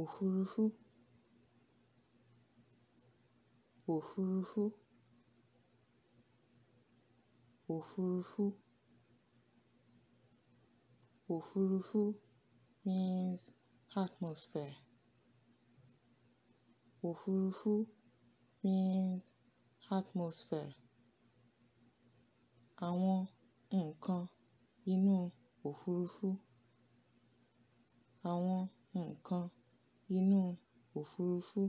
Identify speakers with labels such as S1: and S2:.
S1: òfurufú òfurufú òfurufú òfurufú means atmosphere òfurufú means atmosphere àwọn nǹkan inú òfurufú àwọn nǹkan inú òfurufú